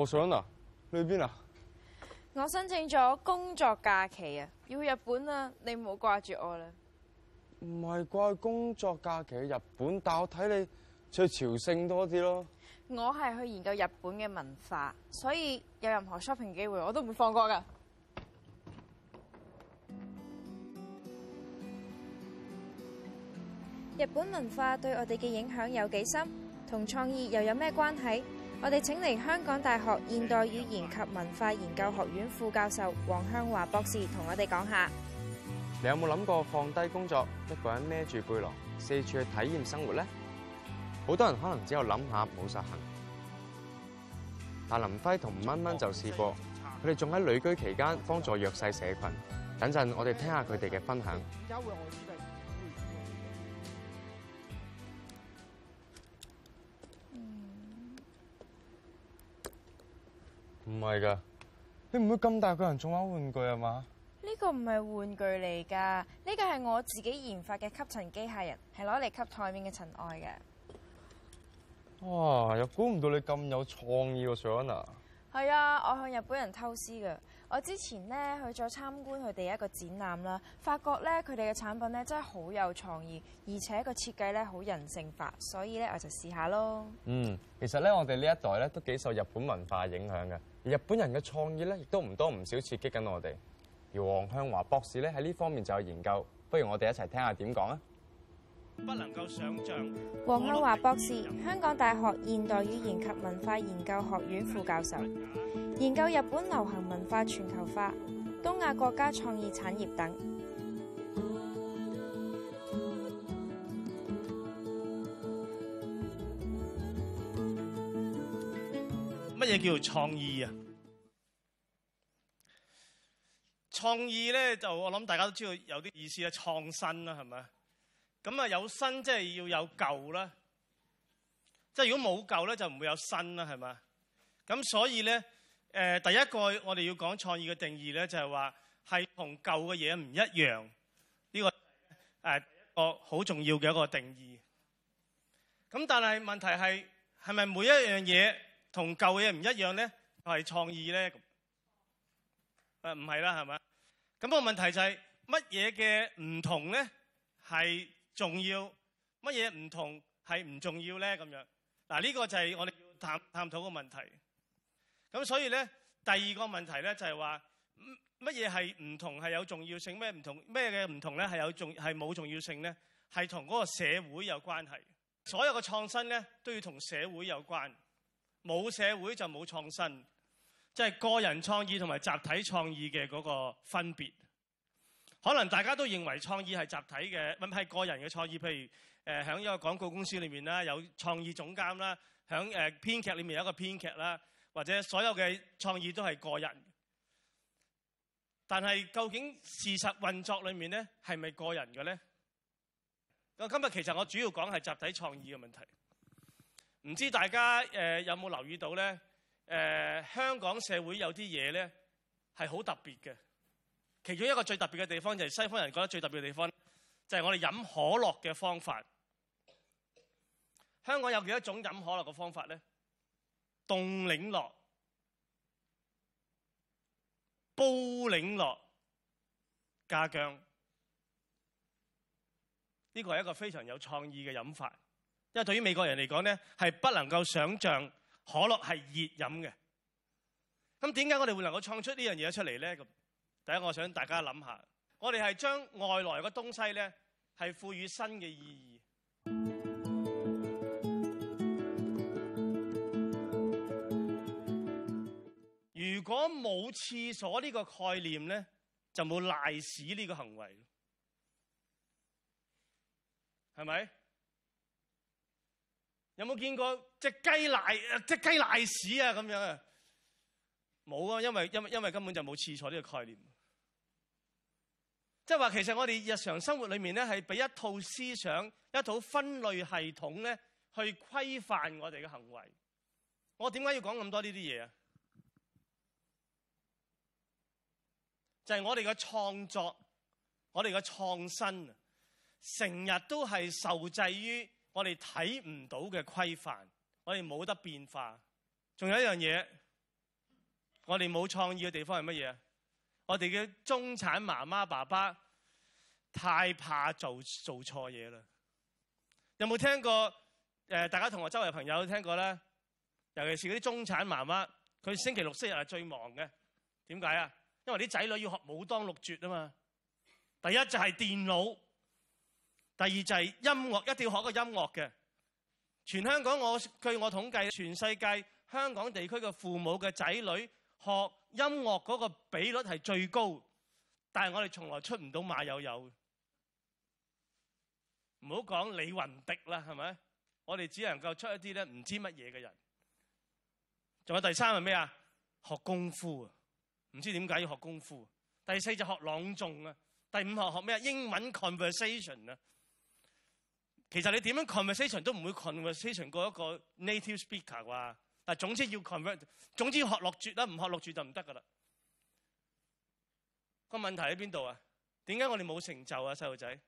我想啊，你去邊啊？我申請咗工作假期啊，要去日本啊。你唔好掛住我啦。唔係掛，工作假期去日本，但我睇你去朝聖多啲咯。我係去研究日本嘅文化，所以有任何 shopping 機會我都唔會放過噶。日本文化對我哋嘅影響有幾深，同創意又有咩關係？我哋請嚟香港大學現代語言及文化研究學院副教授王向華博士同我哋講下。你有冇諗過放低工作，一個人孭住背囊四處去體驗生活咧？好多人可能只有諗下冇實行，但林輝同蚊蚊就試過。佢哋仲喺旅居期間幫助弱勢社群。等陣我哋聽下佢哋嘅分享。唔係噶，你唔會咁大個人仲玩玩具啊嘛？呢個唔係玩具嚟噶，呢個係我自己研發嘅吸塵機械人，係攞嚟吸台面嘅塵埃嘅。哇！又估唔到你咁有創意啊，Shirana。係啊，我向日本人偷師嘅。我之前咧去咗參觀佢哋一個展覽啦，發覺咧佢哋嘅產品咧真係好有創意，而且個設計咧好人性化，所以咧我就試下咯。嗯，其實咧我哋呢一代咧都幾受日本文化影響嘅，而日本人嘅創意咧亦都唔多唔少刺激緊我哋。而王向華博士咧喺呢方面就有研究，不如我哋一齊聽下點講啊！不能夠想象。王向華博士，香港大學現代語言及文化研究學院副教授，研究日本流行文化、全球化、東亞國家創意產業等。乜嘢叫做創意啊？創意咧，就我諗大家都知道有啲意思啦，創新啦，係咪咁啊有新即係要有舊啦，即係如果冇舊咧就唔會有新啦，係嘛？咁所以咧，誒第一個我哋要講創意嘅定義咧就係話係同舊嘅嘢唔一樣，呢個誒個好重要嘅一個定義。咁但係問題係係咪每一樣嘢同舊嘅嘢唔一樣咧係創意咧？誒唔係啦，係咪？咁個問題就係乜嘢嘅唔同咧係重要乜嘢唔同係唔重要呢？咁樣嗱，呢個就係我哋探探討個問題。咁所以呢，第二個問題呢，就係話乜嘢係唔同係有重要性？咩唔同？咩嘅唔同呢？係有重係冇重要性呢？係同嗰個社會有關係。所有嘅創新呢，都要同社會有關，冇社會就冇創新。即係個人創意同埋集體創意嘅嗰個分別。可能大家都認為創意係集體嘅，唔係個人嘅創意。譬如誒，喺、呃、一個廣告公司裏面啦，有創意總監啦，喺誒、呃、編劇裏面有一個編劇啦，或者所有嘅創意都係個人。但係究竟事實運作裏面咧，係咪個人嘅咧？我今日其實我主要講係集體創意嘅問題。唔知大家誒、呃、有冇留意到咧？誒、呃，香港社會有啲嘢咧係好特別嘅。其中一個最特別嘅地方，就係、是、西方人覺得最特別嘅地方，就係、是、我哋飲可樂嘅方法。香港有幾多種飲可樂嘅方法咧？凍檸樂、煲檸樂、加薑，呢、這個係一個非常有創意嘅飲法。因為對於美國人嚟講咧，係不能夠想像可樂係熱飲嘅。咁點解我哋會能夠創出，這件事出來呢樣嘢出嚟咧？第一，我想大家諗下，我哋係將外來嘅東西咧，係賦予新嘅意義。如果冇廁所呢個概念咧，就冇瀨屎呢個行為，係咪？有冇見過隻雞瀨隻雞瀨屎啊？咁樣啊？冇啊，因為因為因為根本就冇廁所呢個概念。即係話，其實我哋日常生活裏面咧，係畀一套思想、一套分類系統咧，去規範我哋嘅行為。我點解要講咁多呢啲嘢啊？就係我哋嘅創作、我哋嘅創新，成日都係受制於我哋睇唔到嘅規範，我哋冇得變化。仲有一樣嘢，我哋冇創意嘅地方係乜嘢？我哋嘅中產媽媽爸爸太怕做做錯嘢啦。有冇聽過？誒、呃，大家同學周圍朋友都聽過咧？尤其是嗰啲中產媽媽，佢星期六、星期日係最忙嘅。點解啊？因為啲仔女要學武當六絕啊嘛。第一就係電腦，第二就係音樂，一定要學個音樂嘅。全香港我據我統計，全世界香港地區嘅父母嘅仔女。學音樂嗰個比率係最高，但係我哋從來出唔到馬友友。唔好講李雲迪啦，係咪？我哋只能夠出一啲咧唔知乜嘢嘅人。仲有第三係咩啊？學功夫啊，唔知點解要學功夫。第四就學朗誦啊，第五學學咩啊？英文 conversation 啊，其實你點樣 conversation 都唔會 conversation 過一個 native speaker 啩。總之要 convert，總之要學落住啦，唔學落住就唔得噶啦。個問題喺邊度啊？點解我哋冇成就啊，細路仔？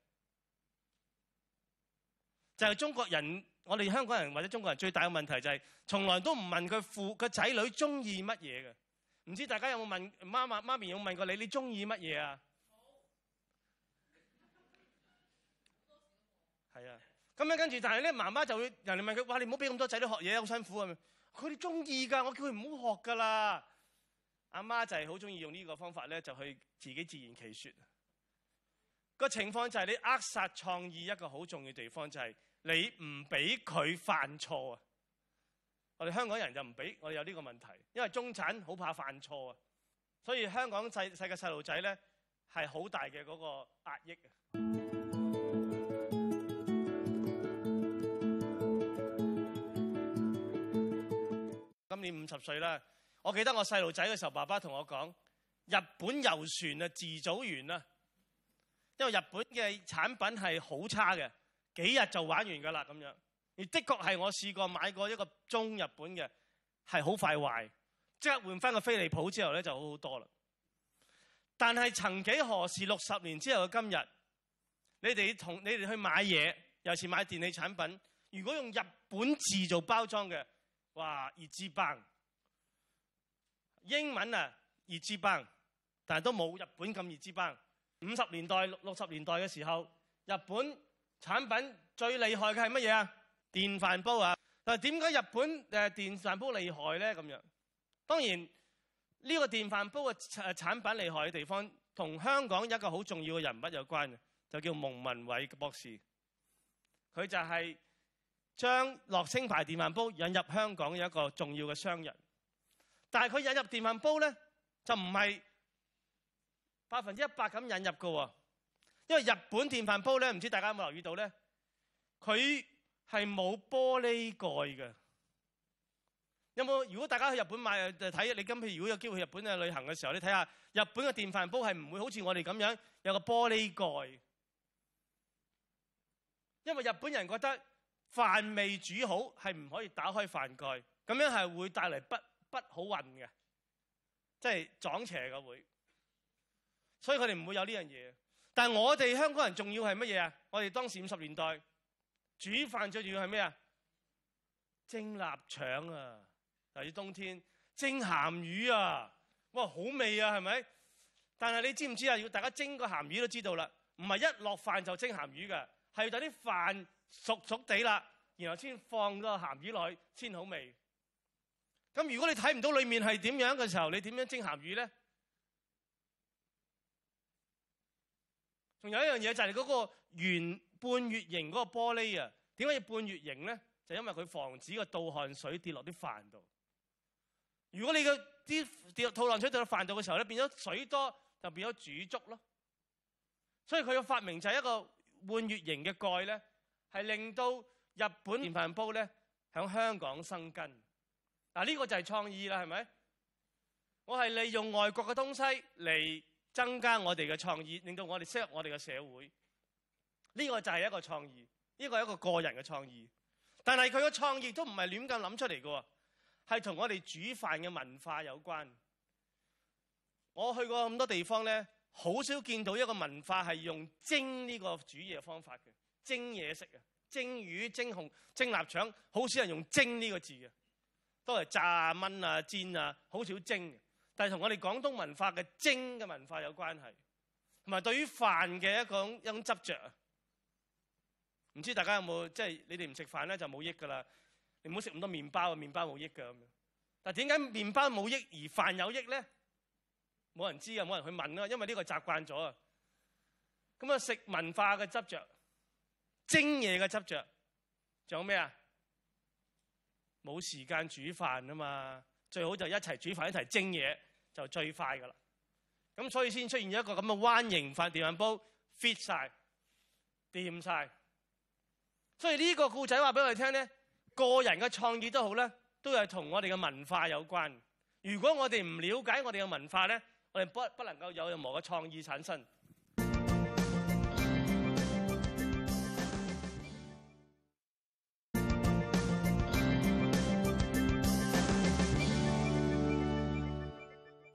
就係中國人，我哋香港人或者中國人最大嘅問題就係，從來都唔問佢父個仔女中意乜嘢嘅。唔知大家有冇問媽媽、媽咪有冇問過你，你中意乜嘢啊？係、嗯嗯嗯、啊，咁樣跟住，但係咧媽媽就會人哋問佢，哇！你唔好俾咁多仔女學嘢，好辛苦啊！佢哋中意噶，我叫佢唔好學噶啦。阿媽就係好中意用呢個方法咧，就去自己自圓其説。個情況就係你扼殺創意一個好重要地方，就係你唔俾佢犯錯啊。我哋香港人就唔俾我哋有呢個問題，因為中產好怕犯錯啊，所以香港細細個細路仔咧係好大嘅嗰個壓抑啊。你五十歲啦，我記得我細路仔嘅時候，爸爸同我講，日本遊船啊，自組員啦，因為日本嘅產品係好差嘅，幾日就玩完噶啦咁樣。而的確係我試過買過一個中日本嘅，係好快壞，即刻換翻個飛利浦之後咧就好好多啦。但係曾幾何時六十年之後嘅今日，你哋同你哋去買嘢，尤其是買電器產品，如果用日本自造包裝嘅。哇，熱之棒，英文啊，熱之棒，但係都冇日本咁熱之棒。五十年代、六六十年代嘅時候，日本產品最厲害嘅係乜嘢啊？電飯煲啊！嗱，點解日本誒電飯煲厲害咧？咁樣，當然呢、這個電飯煲嘅誒產品厲害嘅地方，同香港一個好重要嘅人物有關嘅，就叫蒙文偉博士，佢就係、是。將樂聲牌電飯煲引入香港有一個重要嘅商人，但係佢引入電飯煲咧，就唔係百分之一百咁引入嘅喎。因為日本電飯煲咧，唔知大家有冇留意到咧，佢係冇玻璃蓋嘅。有冇？如果大家去日本買，就睇你今次如果有機會去日本啊旅行嘅時候，你睇下日本嘅電飯煲係唔會好似我哋咁樣有個玻璃蓋，因為日本人覺得。飯未煮好係唔可以打開飯蓋，咁樣係會帶嚟不不好運嘅，即係撞邪嘅會。所以佢哋唔會有呢樣嘢。但係我哋香港人重要係乜嘢啊？我哋當時五十年代煮飯最重要係咩啊？蒸臘腸啊，例如冬天蒸鹹魚啊，哇好味啊，係咪？但係你知唔知啊？要大家蒸個鹹魚都知道啦，唔係一落飯就蒸鹹魚㗎，係要等啲飯。熟熟地啦，然後先放個鹹魚落去先好味。咁如果你睇唔到裏面係點樣嘅時候，你點樣蒸鹹魚咧？仲有一樣嘢就係嗰個圓半月形嗰個玻璃啊。點解要半月形咧？就因為佢防止個倒汗水跌落啲飯度。如果你嘅啲掉落吐浪水掉落飯度嘅時候咧，變咗水多就變咗煮粥咯。所以佢嘅發明就係一個半月形嘅蓋咧。係令到日本電飯煲咧喺香港生根，嗱、啊、呢個就係創意啦，係咪？我係利用外國嘅東西嚟增加我哋嘅創意，令到我哋適合我哋嘅社會。呢個就係一個創意，呢個係一個個人嘅創意。但係佢嘅創意都唔係亂咁諗出嚟嘅，係同我哋煮飯嘅文化有關。我去過咁多地方咧，好少見到一個文化係用蒸呢個煮嘢方法嘅。蒸嘢食啊，蒸魚、蒸紅、蒸臘腸，好少人用蒸呢個字嘅，都係炸、燜啊、煎啊，好少蒸嘅。但係同我哋廣東文化嘅蒸嘅文化有關係，同埋對於飯嘅一個一種執着，啊。唔知大家有冇即係你哋唔食飯咧就冇益噶啦，你唔好食咁多麵包啊，麵包冇益噶咁樣。但係點解麵包冇益而飯有益咧？冇人知啊，冇人去問啊，因為呢個習慣咗啊。咁啊，食文化嘅執着。蒸嘢嘅執着仲有咩啊？冇時間煮飯啊嘛，最好就一齊煮飯一齊蒸嘢就最快噶啦。咁所以先出現咗一個咁嘅彎形飯電飯煲 fit 晒，掂晒。所以呢個故仔話俾我哋聽咧，個人嘅創意都好咧，都係同我哋嘅文化有關。如果我哋唔了解我哋嘅文化咧，我哋不不能夠有任何嘅創意產生。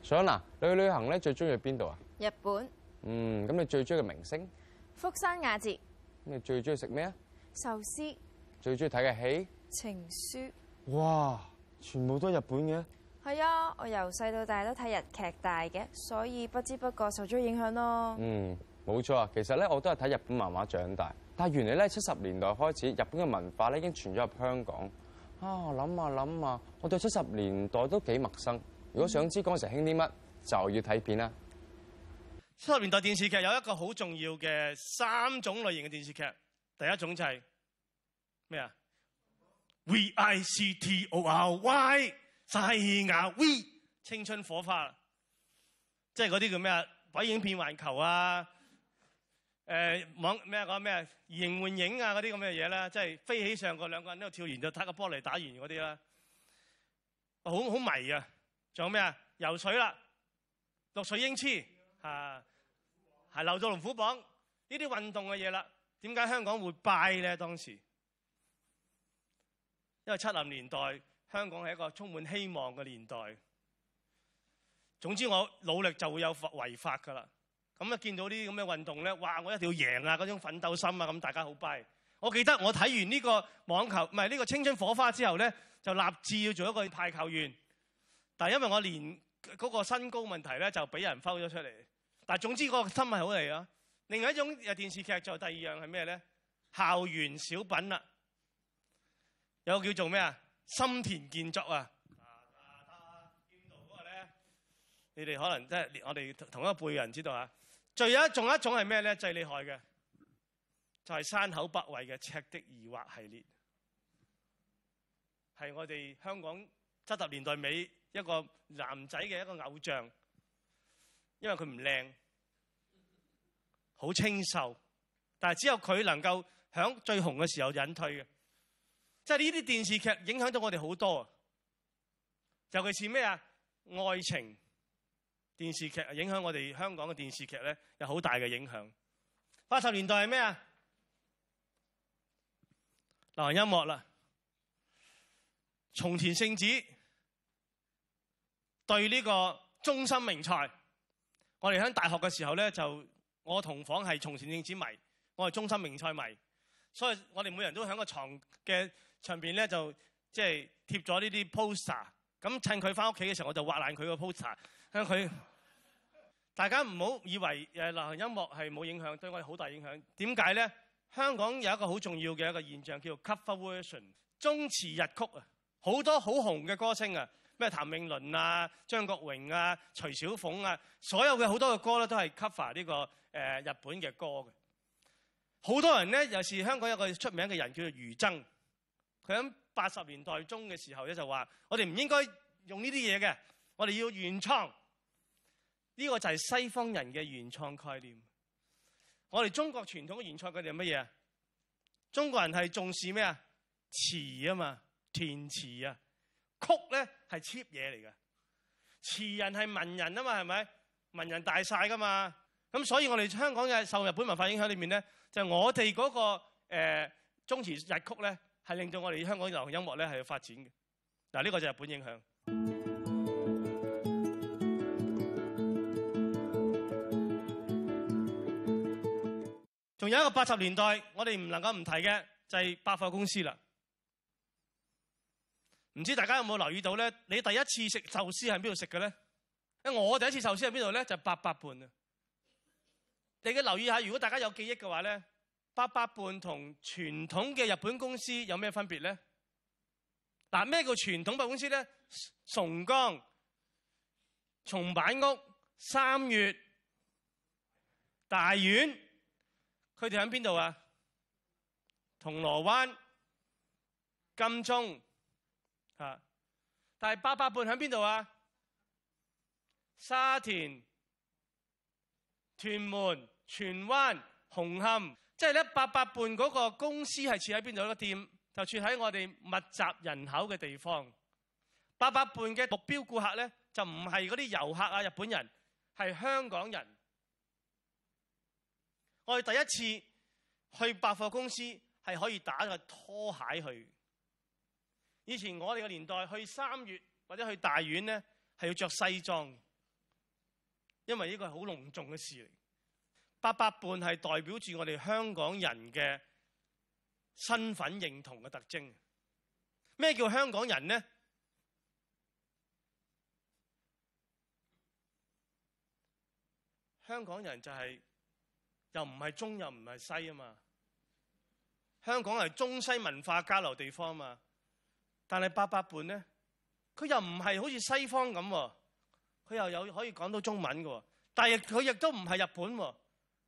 想嗱，啊，你去旅行咧最中意去邊度啊？日本。嗯，咁你最中意嘅明星？福山雅治。你最中意食咩啊？壽司。最中意睇嘅戲？情書。哇！全部都係日本嘅。係啊，我由細到大都睇日劇大嘅，所以不知不覺受咗影響咯。嗯，冇錯啊。其實咧，我都係睇日本漫畫長大，但係原來咧七十年代開始，日本嘅文化咧已經傳咗入香港。啊，諗啊諗啊，我對七十年代都幾陌生。如果想知嗰陣時興啲乜，就要睇片啦。七十年代電視劇有一個好重要嘅三種類型嘅電視劇，第一種就係咩啊？VICTORY，細牙 V，青春火花，即係嗰啲叫咩啊？鬼影片環球啊！誒、呃，網咩嗰咩形換影啊？嗰啲咁嘅嘢咧，即係飛起上個兩個人喺度跳完就睇個玻璃打完嗰啲啦，好好迷啊！仲有咩啊？游水啦，讀水英雌嚇，係、啊、柔道龍虎榜呢啲運動嘅嘢啦。點解香港會 buy 咧？當時因為七十年代香港係一個充滿希望嘅年代。總之我努力就會有違法噶啦。咁一見到呢啲咁嘅運動咧，哇！我一定要贏啊！嗰種奮鬥心啊，咁大家好 buy。我記得我睇完呢個網球唔係呢個青春火花之後咧，就立志要做一個排球員。但係因為我年嗰個身高問題咧就俾人摟咗出嚟，但係總之個新聞係好嚟啊！另外一種誒電視劇就第二樣係咩咧？校園小品啦、啊，有個叫做咩啊？森田健作啊，啊，劍道嗰個咧、啊，你哋可能即係我哋同一輩人知道啊。最有一仲有一種係咩咧？最厲害嘅就係、是、山口百惠嘅《赤的疑惑》系列，係我哋香港七十年代尾。一個男仔嘅一個偶像，因為佢唔靚，好清秀，但係只有佢能夠響最紅嘅時候隱退嘅，即係呢啲電視劇影響到我哋好多啊，尤其是咩啊愛情電視劇，影響我哋香港嘅電視劇咧有好大嘅影響。八十年代係咩啊？流行音樂啦，松田聖子。對，呢個中森明菜，我哋喺大學嘅時候咧，就我同房係松田聖子迷，我係中森明菜迷，所以我哋每人都喺個床嘅上面咧，就即係貼咗呢啲 poster。咁、就係、趁佢翻屋企嘅時候，我就畫爛佢個 poster。向佢 大家唔好以為誒流行音樂係冇影響，對我哋好大影響。點解咧？香港有一個好重要嘅一個現象叫 cover version，中詞日曲很很啊，好多好紅嘅歌星啊。咩？譚詠麟啊、張國榮啊、徐小鳳啊，所有嘅好多嘅歌咧、這個，都係 cover 呢個誒日本嘅歌嘅。好多人咧，又是香港有一個出名嘅人叫做余爭。佢喺八十年代中嘅時候咧，就話：我哋唔應該用呢啲嘢嘅，我哋要原創。呢、這個就係西方人嘅原創概念。我哋中國傳統嘅原創概念係乜嘢？中國人係重視咩啊？詞啊嘛，填詞啊。曲咧係 cheap 嘢嚟嘅，詞人係文人啊嘛，係咪？文人大晒噶嘛，咁所以我哋香港嘅受日本文化影響裏面咧，就係我哋嗰個，呃，中詞日曲咧，係令到我哋香港流行音樂咧係要發展嘅。嗱，呢個就係日本影響。仲有一個八十年代，我哋唔能夠唔提嘅就係百貨公司啦。唔知大家有冇留意到咧？你第一次食壽司喺邊度食嘅咧？因為我第一次壽司喺邊度咧，就是、八佰伴。啊！你嘅留意下，如果大家有記憶嘅話咧，八佰伴同傳統嘅日本公司有咩分別咧？嗱，咩叫傳統嘅公司咧？松江、松坂屋、三越、大丸，佢哋喺邊度啊？銅鑼灣、金鐘。嚇！但係八百伴喺邊度啊？沙田、屯門、荃灣、紅磡，即係咧，八百伴嗰個公司係設喺邊度？個店就設喺我哋密集人口嘅地方。八百伴嘅目標顧客咧，就唔係嗰啲遊客啊、日本人，係香港人。我哋第一次去百貨公司係可以打個拖鞋去。以前我哋嘅年代去三越或者去大丸咧，係要着西裝嘅，因為呢個係好隆重嘅事嚟。八百伴係代表住我哋香港人嘅身份認同嘅特徵。咩叫香港人咧？香港人就係，又唔係中又唔係西啊嘛。香港係中西文化交流地方啊嘛。但係八百伴咧，佢又唔係好似西方咁，佢又有可以講到中文喎，但係佢亦都唔係日本，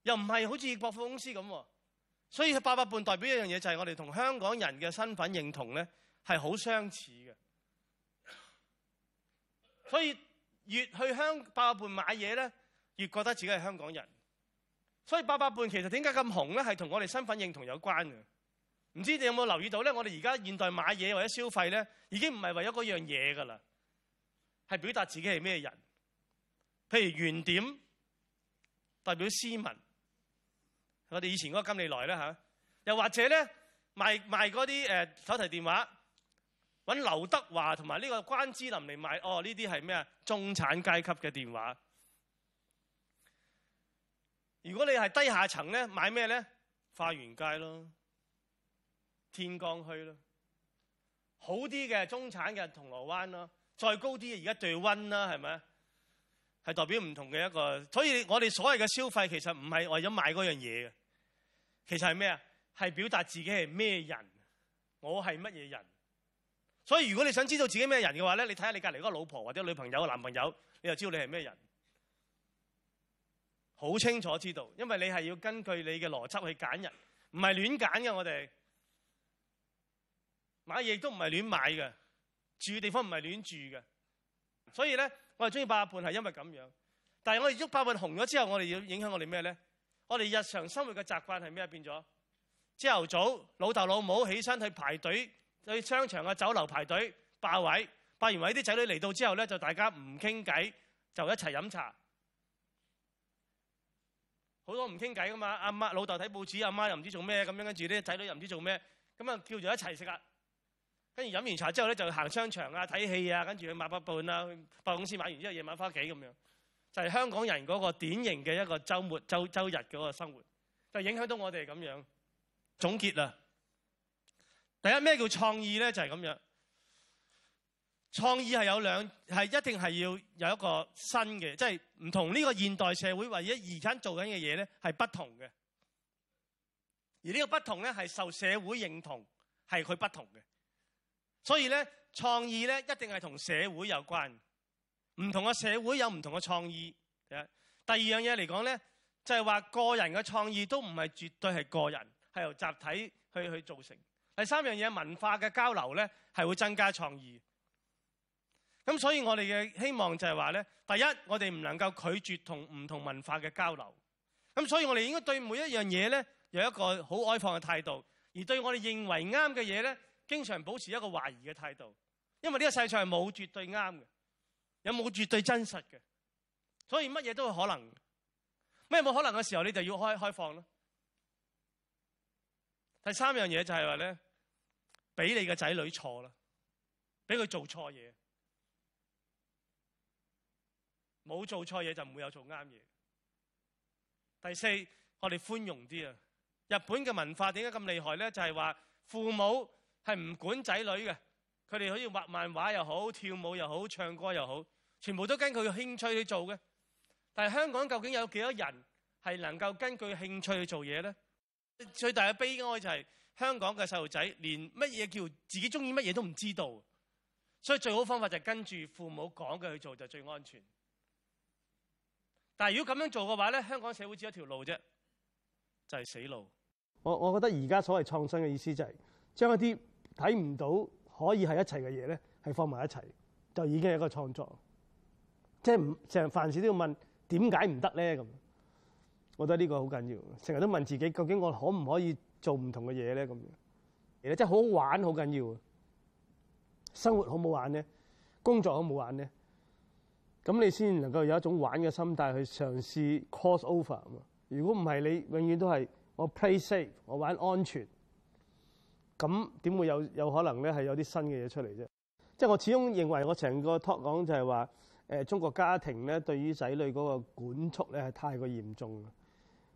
又唔係好似國貨公司咁，所以八百伴代表一樣嘢，就係我哋同香港人嘅身份認同咧係好相似嘅。所以越去香八百伴買嘢咧，越覺得自己係香港人。所以八百伴其實點解咁紅咧，係同我哋身份認同有關嘅。唔知你有冇留意到咧？我哋而家現代買嘢或者消費咧，已經唔係為咗嗰樣嘢噶啦，係表達自己係咩人。譬如原點代表斯文，我哋以前嗰個金利來咧嚇、啊，又或者咧賣賣嗰啲誒手提電話，揾劉德華同埋呢個關之琳嚟賣，哦呢啲係咩啊？中產階級嘅電話。如果你係低下層咧，買咩咧？花園街咯。天光墟咯，好啲嘅中產嘅銅鑼灣咯，再高啲嘅而家對溫啦，係咪？係代表唔同嘅一個，所以我哋所謂嘅消費其實唔係為咗買嗰樣嘢嘅，其實係咩啊？係表達自己係咩人，我係乜嘢人？所以如果你想知道自己咩人嘅話咧，你睇下你隔離嗰個老婆或者女朋友、男朋友，你就知道你係咩人，好清楚知道，因為你係要根據你嘅邏輯去揀人，唔係亂揀嘅我哋。買嘢都唔係亂買嘅，住嘅地方唔係亂住嘅，所以咧我哋中意霸半係因為咁樣。但係我哋喐霸半紅咗之後，我哋要影響我哋咩咧？我哋日常生活嘅習慣係咩變咗？朝頭早老豆老母起身去排隊，去商場啊酒樓排隊霸位，霸完位啲仔女嚟到之後咧就大家唔傾偈就一齊飲茶，好多唔傾偈㗎嘛。阿媽老豆睇報紙，阿媽，媽又唔知做咩咁樣，跟住啲仔女又唔知做咩，咁啊叫做一齊食啦。跟住飲完茶之後咧，就行商場啊、睇戲啊，跟住去買包伴啊，去百公司買完之後，夜晚翻屋企咁樣，就係、是、香港人嗰個典型嘅一個週末、周週日嗰個生活。就影響到我哋咁樣。總結啦，第一咩叫創意咧？就係、是、咁樣。創意係有兩，係一定係要有一個新嘅，即係唔同呢個現代社會或者而家做緊嘅嘢咧，係不同嘅。而呢個不同咧，係受社會認同，係佢不同嘅。所以咧，創意咧一定係同社會有關，唔同嘅社會有唔同嘅創意。第二樣嘢嚟講呢，就係話個人嘅創意都唔係絕對係個人，係由集體去去造成。第三樣嘢文化嘅交流呢係會增加創意。咁所以我哋嘅希望就係話呢，第一我哋唔能夠拒絕同唔同文化嘅交流。咁所以我哋應該對每一樣嘢呢有一個好開放嘅態度，而對我哋認為啱嘅嘢呢，經常保持一個懷疑嘅態度，因為呢個世上係冇絕對啱嘅，有冇絕對真實嘅，所以乜嘢都會可能。咩冇可能嘅時候，你就要開開放啦。第三樣嘢就係話咧，俾你嘅仔女錯啦，俾佢做錯嘢，冇做錯嘢就唔會有做啱嘢。第四，我哋寬容啲啊。日本嘅文化點解咁厲害咧？就係話父母。係唔管仔女嘅，佢哋可以畫漫畫又好，跳舞又好，唱歌又好，全部都根據興趣去做嘅。但係香港究竟有幾多人係能夠根據興趣去做嘢呢？最大嘅悲哀就係、是、香港嘅細路仔連乜嘢叫自己中意乜嘢都唔知道，所以最好方法就係跟住父母講嘅去做就最安全。但係如果咁樣做嘅話咧，香港社會只有一條路啫，就係、是、死路。我我覺得而家所謂創新嘅意思就係、是、將一啲，睇唔到可以係一齊嘅嘢咧，係放埋一齊就已經係一個創作。即係唔成日凡事都要問點解唔得咧咁，我覺得呢個好緊要。成日都問自己，究竟我可唔可以做唔同嘅嘢咧咁樣？而咧真係好好玩，好緊要。啊，生活好唔好玩咧？工作好唔好玩咧？咁你先能夠有一種玩嘅心態去嘗試 cross over。啊嘛，如果唔係你永遠都係我 play safe，我玩安全。咁點會有有可能咧？係有啲新嘅嘢出嚟啫。即係我始終認為，我成個 talk 講就係話誒中國家庭咧，對於仔女嗰個管束咧係太過嚴重。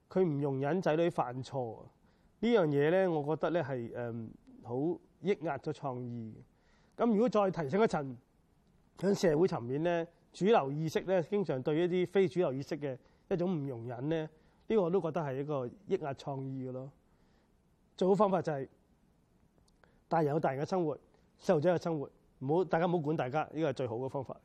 佢唔容忍仔女犯錯呢樣嘢咧，我覺得咧係誒好抑壓咗創意。咁如果再提升一層喺社會層面咧，主流意識咧經常對於一啲非主流意識嘅一種唔容忍咧，呢個我都覺得係一個抑壓創意嘅咯。最好方法就係。大人有大人嘅生活，細路仔嘅生活，唔好大家唔好管大家，呢個係最好嘅方法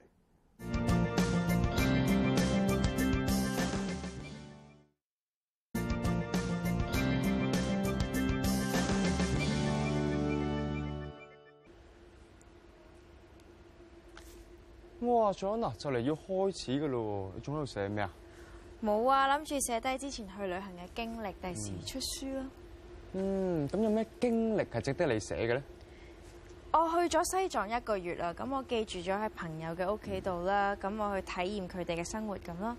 哇。我話嗱，就嚟要開始嘅咯，你仲喺度寫咩啊？冇啊，諗住寫低之前去旅行嘅經歷，第時出書啦。嗯嗯，咁有咩經歷係值得你寫嘅咧？我去咗西藏一個月啦，咁我記住咗喺朋友嘅屋企度啦，咁、嗯、我去體驗佢哋嘅生活咁咯。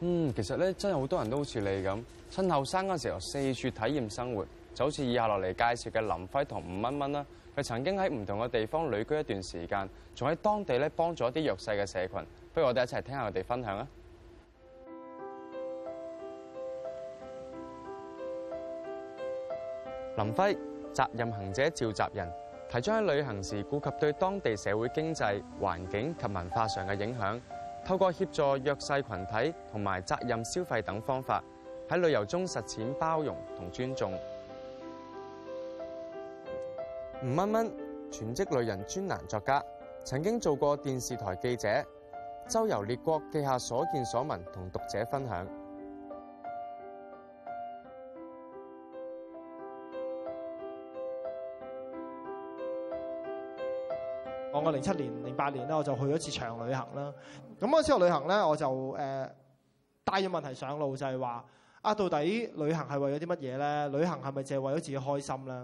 嗯，其實咧真係好多人都好似你咁，趁後生嗰時候，四處體驗生活，就好似以下落嚟介紹嘅林輝同吳蚊蚊啦。佢曾經喺唔同嘅地方旅居一段時間，仲喺當地咧幫咗啲弱勢嘅社群。不如我哋一齊聽下佢哋分享啊！林輝，責任行者召集人，提倡喺旅行時顧及對當地社會經濟、環境及文化上嘅影響，透過協助弱勢群體同埋責任消費等方法，喺旅遊中實踐包容同尊重。吳蚊蚊，全職旅人專欄作家，曾經做過電視台記者，周遊列國，記下所見所聞，同讀者分享。我零七年、零八年咧，我就去咗一次長旅行啦。咁我之後旅行咧，我就誒、呃、帶咗問題上路，就係、是、話啊，到底旅行係為咗啲乜嘢咧？旅行係咪淨係為咗自己開心咧？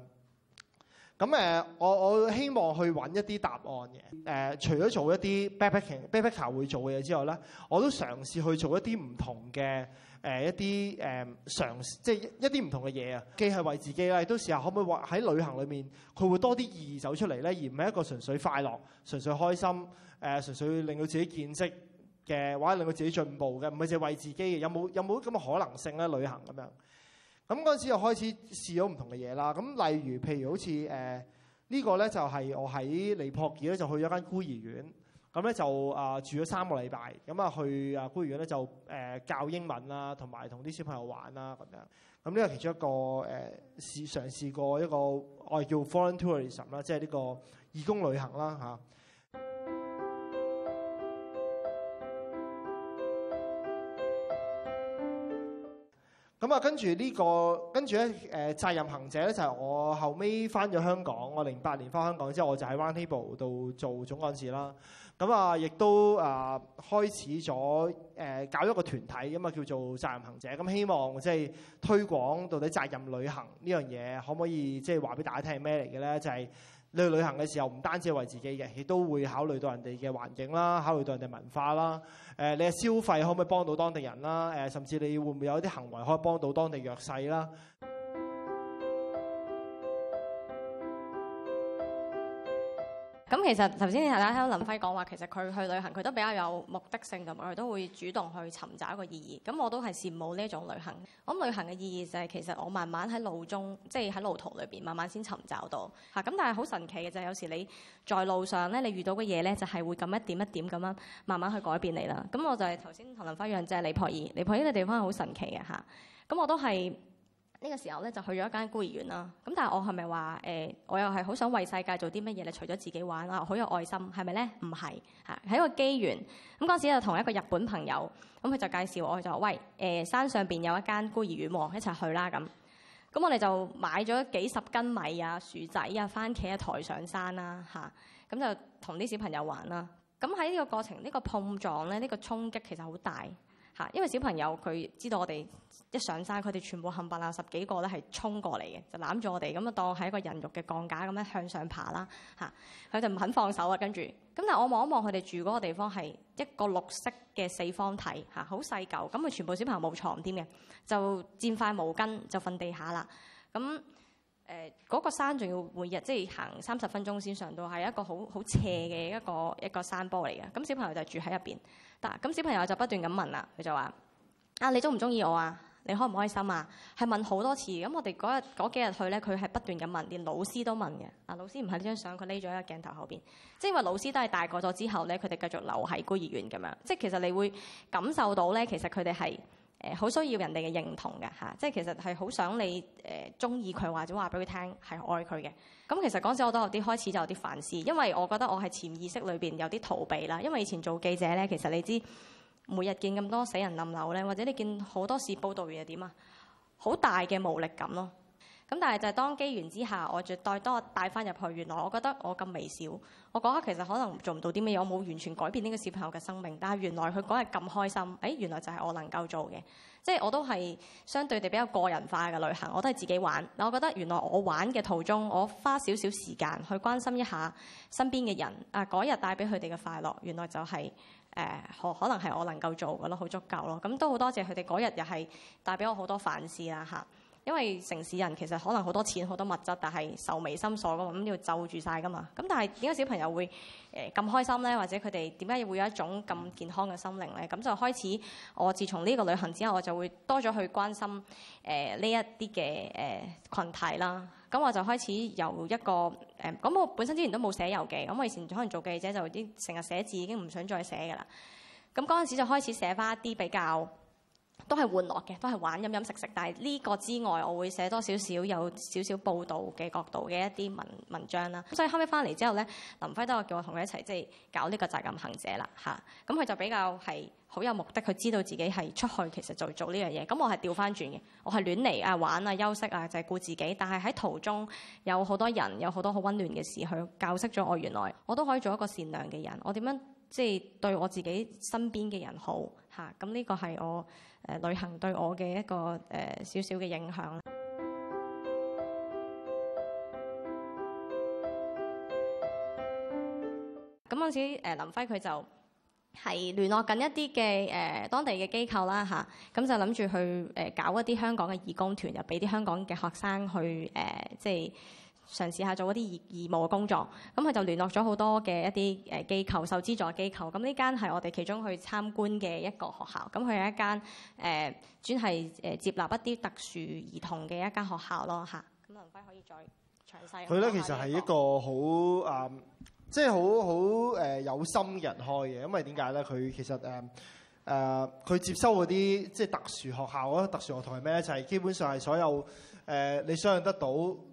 咁、呃、我我希望去揾一啲答案嘅、呃。除咗做一啲 backpacking、backpacker back 會做嘅嘢之外咧，我都嘗試去做一啲唔同嘅。誒、呃、一啲誒、呃、嘗，即係一啲唔同嘅嘢啊，既係為自己啦，亦都試下可唔可以喎喺旅行裏面，佢會多啲意義走出嚟咧，而唔係一個純粹快樂、純粹開心、誒、呃、純粹令到自己見識嘅，或者令到自己進步嘅，唔係淨係為自己嘅。有冇有冇咁嘅可能性咧？旅行咁樣，咁嗰陣時又開始試咗唔同嘅嘢啦。咁例如譬如好似誒呢個咧，就係我喺尼泊爾咧，就去咗間孤兒院。咁咧、嗯、就啊、呃、住咗三個禮拜，咁、嗯、啊去啊公園咧就誒、呃、教英文啦，同埋同啲小朋友玩啦咁樣。咁呢個其中一個誒試、呃、嘗試過一個我係叫 voluntourism 啦，即係呢個義工旅行啦嚇。啊咁啊，跟住呢、這個，跟住咧，誒、呃、責任行者咧就係、是、我後尾返咗香港，我零八年返香港之後，我就喺 Roundtable 度做總幹事啦。咁、嗯、啊，亦都啊、呃、開始咗誒、呃、搞一個團體咁啊，叫做責任行者。咁、嗯、希望即係推廣到底責任旅行呢樣嘢，可唔可以即係話俾大家聽係咩嚟嘅咧？就係、是。你去旅行嘅時候唔單止係為自己嘅，亦都會考慮到人哋嘅環境啦，考慮到人哋文化啦。誒、呃，你嘅消費可唔可以幫到當地人啦？誒、呃，甚至你會唔會有啲行為可以幫到當地弱勢啦？咁其實頭先你大家聽到林輝講話，其實佢去旅行佢都比較有目的性，同埋佢都會主動去尋找一個意義。咁我都係羨慕呢一種旅行。我旅行嘅意義就係其實我慢慢喺路中，即係喺路途裏邊慢慢先尋找到嚇。咁但係好神奇嘅就係有時你在路上咧，你遇到嘅嘢咧就係會咁一點一點咁樣慢慢去改變你啦。咁我就係頭先同林輝一樣，即係尼泊爾，尼泊爾嘅地方係好神奇嘅嚇。咁我都係。呢個時候咧就去咗一間孤兒院啦，咁但係我係咪話誒，我又係好想為世界做啲乜嘢咧？除咗自己玩啊，好有愛心係咪咧？唔係嚇，係一個機緣。咁嗰陣時就同一個日本朋友，咁佢就介紹我，佢就話：喂，誒、呃、山上邊有一間孤兒院喎，一齊去啦咁。咁我哋就買咗幾十斤米啊、薯仔啊、番茄啊抬上山啦嚇，咁、啊、就同啲小朋友玩啦。咁喺呢個過程，呢、呢個碰撞咧，呢、呢個衝擊其實好大。嚇！因為小朋友佢知道我哋一上山，佢哋全部冚唪唥十幾個咧係衝過嚟嘅，就攬住我哋，咁啊當係一個人肉嘅鋼架咁樣向上爬啦。嚇！佢就唔肯放手啊，跟住咁。但係我望一望佢哋住嗰個地方係一個綠色嘅四方體嚇，好細嚿。咁佢全部小朋友冇床添嘅，就墊塊毛巾就瞓地下啦。咁誒嗰個山仲要每日即係行三十分鐘先上到，係一個好好斜嘅一個一個，一個山坡嚟嘅。咁小朋友就住喺入邊。咁小朋友就不斷咁問啦，佢就話：啊，你中唔中意我啊？你開唔開心啊？係問好多次，咁我哋嗰日幾日去呢，佢係不斷咁問，連老師都問嘅。啊，老師唔喺呢張相，佢匿咗喺個鏡頭後邊。即係因為老師都係大個咗之後呢，佢哋繼續留喺孤兒院咁樣。即係其實你會感受到呢，其實佢哋係。誒好、呃、需要人哋嘅認同嘅嚇，即、啊、係其實係好想你誒鍾意佢或者話俾佢聽係愛佢嘅。咁其實嗰陣時我都有啲開始就有啲反思，因為我覺得我係潛意識裏邊有啲逃避啦。因為以前做記者咧，其實你知每日見咁多死人冧樓咧，或者你見好多事報導完又點啊？好大嘅無力感咯。咁但係就係當機緣之下，我再帶多帶翻入去，原來我覺得我咁微小，我覺得其實可能做唔到啲乜嘢，我冇完全改變呢個小朋友嘅生命。但係原來佢嗰日咁開心，誒、哎、原來就係我能夠做嘅，即係我都係相對地比較個人化嘅旅行，我都係自己玩。我覺得原來我玩嘅途中，我花少少時間去關心一下身邊嘅人，啊嗰日帶俾佢哋嘅快樂，原來就係、是、誒、呃、可能係我能夠做嘅咯，好足夠咯。咁都好多謝佢哋嗰日又係帶俾我好多反思啦嚇。因為城市人其實可能好多錢、好多物質，但係愁眉深鎖㗎嘛，咁要就住晒㗎嘛。咁但係點解小朋友會誒咁、呃、開心咧？或者佢哋點解會有一種咁健康嘅心靈咧？咁就開始，我自從呢個旅行之後，我就會多咗去關心誒呢、呃、一啲嘅誒羣體啦。咁我就開始由一個誒，咁、呃、我本身之前都冇寫遊記。咁我以前可能做記者就啲成日寫字，已經唔想再寫㗎啦。咁嗰陣時就開始寫返一啲比較，都係玩樂嘅，都係玩飲飲食食。但係呢個之外，我會寫多少少有少少報道嘅角度嘅一啲文文章啦。咁所以後尾翻嚟之後咧，林輝都有叫我同佢一齊即係搞呢個責任行者啦嚇。咁佢就比較係好有目的，佢知道自己係出去其實就做呢樣嘢。咁我係調翻轉嘅，我係亂嚟啊玩啊休息啊，就係顧自己。但係喺途中有好多人，有好多好温暖嘅事，佢教識咗我，原來我都可以做一個善良嘅人。我點樣？即係對我自己身邊嘅人好嚇，咁呢個係我誒、呃、旅行對我嘅一個誒少少嘅影響、嗯呃呃、啦。咁開始誒，林輝佢就係聯絡緊一啲嘅誒當地嘅機構啦嚇，咁就諗住去誒搞一啲香港嘅義工團，又俾啲香港嘅學生去誒、呃，即係。嘗試下做一啲義義務嘅工作，咁佢就聯絡咗好多嘅一啲誒機構、受資助嘅機構。咁呢間係我哋其中去參觀嘅一個學校，咁佢係一間誒、呃、專係誒接納一啲特殊兒童嘅一間學校咯吓，咁林輝可以再詳細、呢個？佢咧其實係一個好啊，即係好好誒有心人開嘅，因為點解咧？佢其實誒。嗯誒佢、uh, 接收嗰啲即係特殊學校咯，特殊學堂係咩咧？就係、是、基本上係所有誒、uh, 你想像得到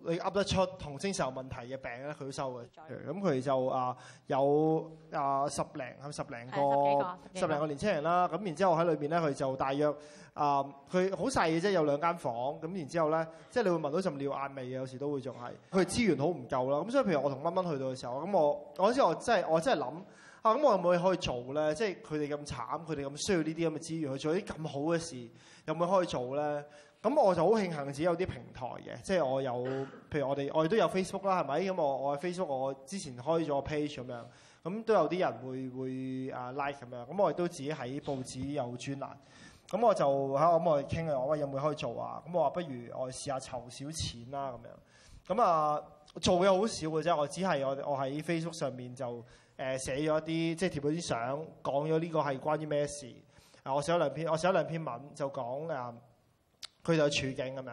你噏得出同精神問題嘅病咧，佢都收嘅。咁佢就啊、uh, 有啊、uh, 十零十零個、嗯、十零個，個，個年青人啦？咁然之後喺裏邊咧，佢就大約啊佢好細嘅啫，有兩間房。咁然之後咧，即、就、係、是、你會聞到陣尿眼味嘅，有時候都會仲係。佢資源好唔夠啦。咁所以譬如我同蚊蚊去到嘅時候，咁我我知我真係我真係諗。啊咁我有冇可以做咧？即係佢哋咁慘，佢哋咁需要呢啲咁嘅資源去做啲咁好嘅事，有冇可以做咧？咁我就好慶幸自己有啲平台嘅，即係我有，譬如我哋我哋都有 Facebook 啦，係咪？咁我我喺 Facebook 我之前開咗個 page 咁樣，咁都有啲人會會啊 like 咁樣。咁我哋都自己喺報紙有專欄。咁我就喺咁、嗯、我哋傾下我話有冇可以做啊？咁我話不如我試下籌少錢啦、啊、咁樣。咁啊做嘅好少嘅啫，我只係我我喺 Facebook 上面就。誒、呃、寫咗啲，即係貼咗啲相，講咗呢個係關於咩事？啊，我寫咗兩篇，我寫咗兩篇文就講，就講啊，佢哋嘅處境咁樣。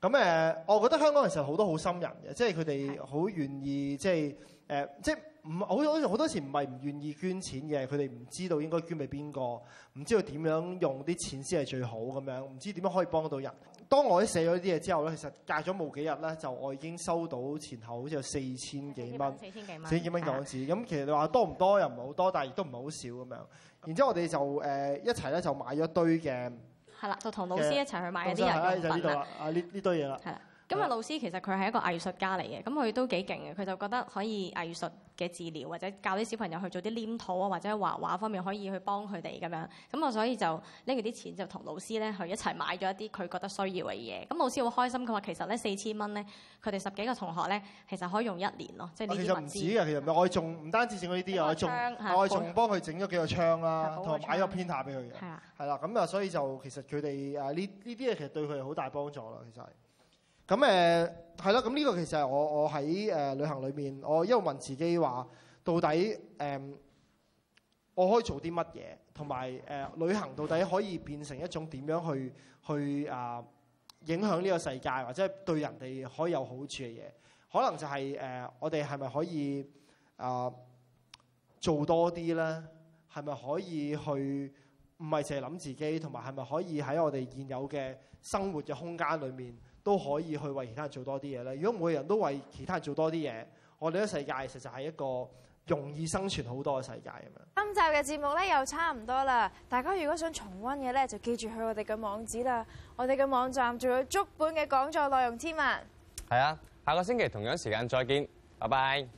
咁誒、呃，我覺得香港人其實好多好心人嘅，即係佢哋好願意，即係、呃、即係唔好，好好多時唔係唔願意捐錢嘅，佢哋唔知道應該捐俾邊個，唔知道點樣用啲錢先係最好咁樣，唔知點樣可以幫到人。當我啲寫咗啲嘢之後咧，其實隔咗冇幾日咧，就我已經收到前後好似有四千幾蚊，四千幾蚊，四千幾蚊港紙。咁其實你話多唔多又唔係好多，但係亦都唔係好少咁樣。然之後我哋就誒、呃、一齊咧就買咗一堆嘅，係啦，就同老師的一齊去買嗰啲嘢就呢度啦，啊呢呢這堆嘢啦，係啦。咁啊，老師其實佢係一個藝術家嚟嘅，咁佢都幾勁嘅。佢就覺得可以藝術嘅治療，或者教啲小朋友去做啲黏土啊，或者畫畫方面，可以去幫佢哋咁樣。咁啊，所以就拎住啲錢就同老師咧去一齊買咗一啲佢覺得需要嘅嘢。咁老師好開心，佢話其實咧四千蚊咧，佢哋十幾個同學咧，其實可以用一年咯，即係呢啲物資。其實唔止嘅，其實我仲唔單止整咗呢啲啊，我仲的我仲幫佢整咗幾個窗啦，同埋的買咗編塔俾佢嘅。係啦的，咁啊，所以就其實佢哋誒呢呢啲嘢其實對佢係好大幫助咯，其實係。咁誒係啦，咁呢個其實係我我喺誒旅行裏面，我一路問自己話到底誒、嗯、我可以做啲乜嘢，同埋誒旅行到底可以變成一種點樣，去去啊影響呢個世界，或者對人哋可以有好處嘅嘢？可能就係、是、誒、呃、我哋係咪可以啊做多啲咧？係咪可以去唔係淨係諗自己，同埋係咪可以喺我哋現有嘅生活嘅空間裏面？都可以去為其他人做多啲嘢咧。如果每個人都為其他人做多啲嘢，我哋嘅世界其實就係一個容易生存好多嘅世界咁樣。今集嘅節目咧又差唔多啦。大家如果想重温嘅咧，就記住去我哋嘅網址啦。我哋嘅網站仲有足本嘅講座內容添啊。係啊，下個星期同樣時間再見，拜拜。